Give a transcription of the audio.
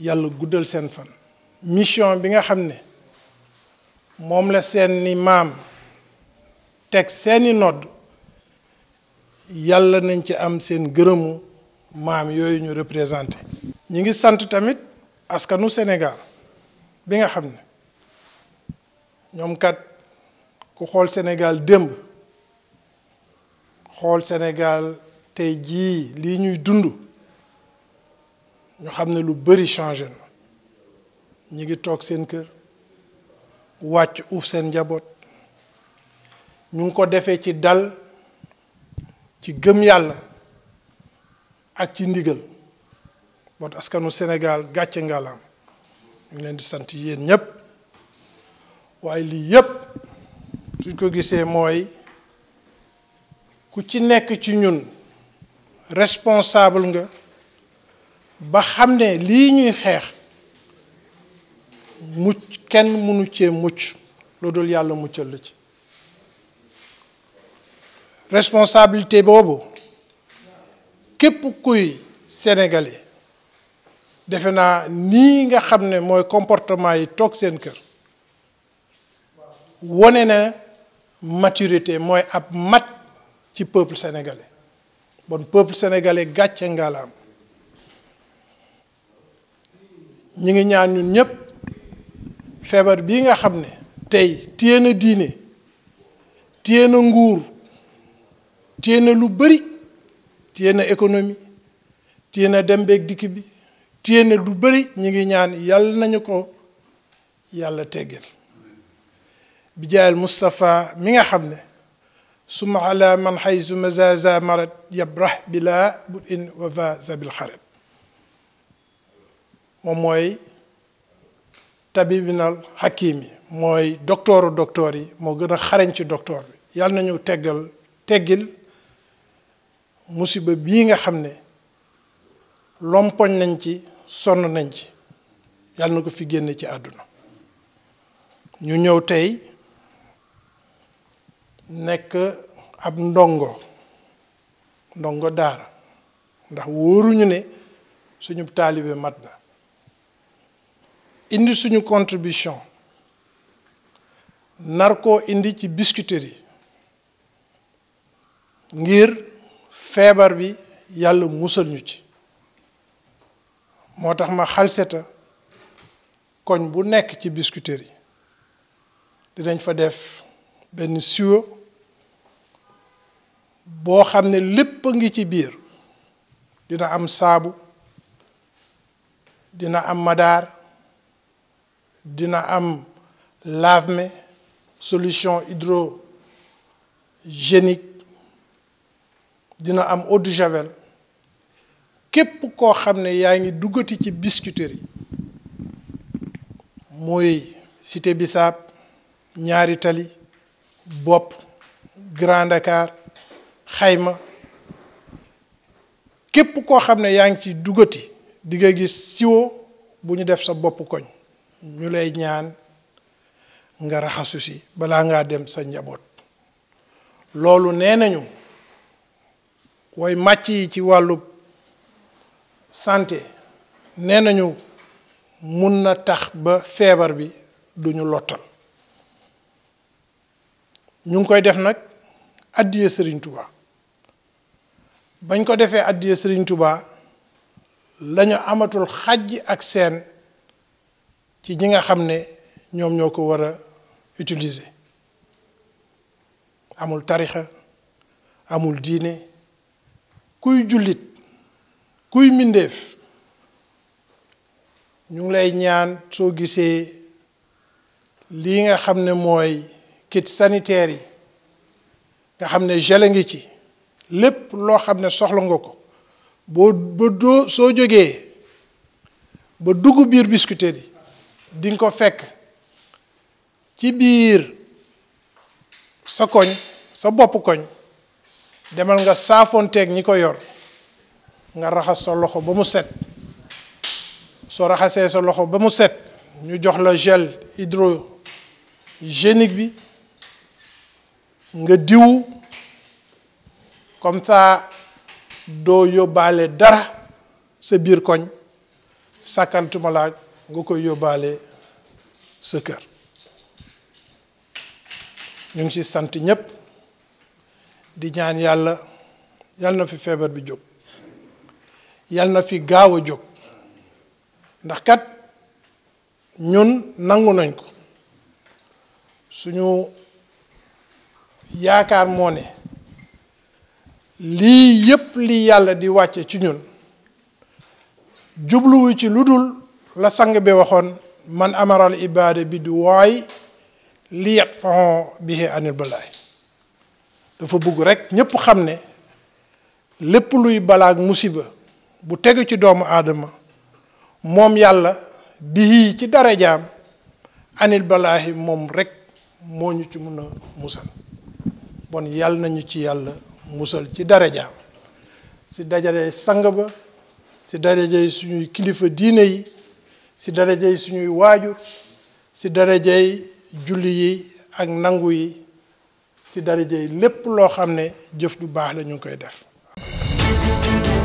yàlla guddal seen fan mission bi nga xam ne moom la seen ni maam teg seeni nodd yàlla nañ ci am seen gërëmu maam yooyu ñu représenté ñi ngi sant tamit askanu Sénégal bi nga xam ne ñoom kat ku xool Sénégal démb xool Sénégal tey jii lii ñuy dund ñu xam ne lu bari changé na ñi ngi toog seen kër wàcc uuf seen njaboot ñu ngi ko defee ci dal ci gëm yàlla ak ci ndigal bon askanu Sénégal gàcce ngalaam ñu leen di sant yéen ñépp waaye lii yépp suñ ko gisee mooy ku ci nekk ci ñun responsable nga ba xamné li ñuy xex mucc kenn mënu cee mucc lo dul yalla muccël ci responsabilité bobu képp kuy sénégalais defe naa nii nga xam ne mooy comportement yi toog seen kër wone na maturité mooy ab mat ci peuple sénégalais bon peuple sénégalais gàcce ngaalaam ñi ngi ñaan ñun ñëpp feebar bii nga xam ne tey téye na diine téye na nguur téye na lu bari téye na économie téye na dem beeg dikk bi téye na lu bari ñi ngi ñaan yàlla nañu ko yàlla teggal bi jaayal Moustapha mi nga xam ne suma ala man xaysu mazaza marat yabrah bila bu in wafa zabil xaret moom mooy tabibinal hakim yi mooy doktooru doktoor yi moo gën a xarañ ci doktoor bi yal nañu teggal teggil musiba bii nga xam ne lompoñ nañ ci sonn nañ ci yàlla na ko fi génne ci àdduna ñu ñëw tey nekk ab ndongo ndongo daara ndax wóoruñu ne suñu taalibe mat na indi suñu contribution nar koo indi ci Biscuiterie yi ngir feebar bi yàlla musal ñu ci moo tax ma xalseta koñ bu nekk ci Biscuiterie yi dinañ fa def benn siwo boo xam ne lépp a ngi ci biir dina am saabu dina am madaar dina am lave-mains solution hydrogénique dina am eau de javel képp koo xam ne yaa ngi duggati ci biscuiterie muy Cité Bissap ñaari tali bopp Grand Dakar xayma képp koo xam ne yaa ngi ci duggati dinga gis siwo bu ñu def sa bopp koñ ñu lay ñaan nga raxasu si balaa ngaa dem sa njaboot loolu nee nañu way màcc yi ci wàllu santé nee nañu mun na tax ba feebar bi duñu lottal ñu ngi koy def nag addiye Serigne Touba bañ ko defee addiye Serigne Touba lañu amatul xaj ak seen ci ñi nga xam ne ñoom ñoo ko war a utiliser amul tarixa amul diine kuy jullit kuy mbindeef ñu ngi lay ñaan soo gisee lii nga xam ne mooy kit sanitaire yi nga xam ne gel ngi ci lépp loo xam ne soxla nga ko boo ba doo soo jógee ba dugg biir Biscuiterie yi di ko fekk ci biir sa koñ sa bopp koñ demal nga saafoonteeg ñi ko yor nga raxas sa loxo ba mu set soo raxasee sa loxo ba mu set ñu jox la gel hydrogénique bi nga diw comme saa doo yóbbaale dara sa biir koñ sàkkantuma laaj nga koy yóbbaale sa kër ñu ci sant ñëpp di ñaan yàlla yal na fi feebar bi jóg yal na fi gaaw a jóg ndax kat ñun nangu nañ ko suñu yaakaar moo ne lii yëpp li yàlla di wàcce ci ñun jubluwu ci lu dul la sang bi waxoon man amaral ibaade bi du waay liyat fahon bihi anil balaay dafa bugg rek ñépp xam ne lépp luy balaak musiba bu tegu ci doomu aadama moom yàlla bihi ci darajaam anil balaahi moom rek moo ñu ci mun a musal bon yàlla nañu ci yàlla musal ci darajaam si dajale sang ba si daraja suñuy kilifa diine yi ci si darajey suñuy waajur si darajey julli yi ak nangu yi ci darajey lépp loo xam ne jëf ju baax la ñu ngi koy def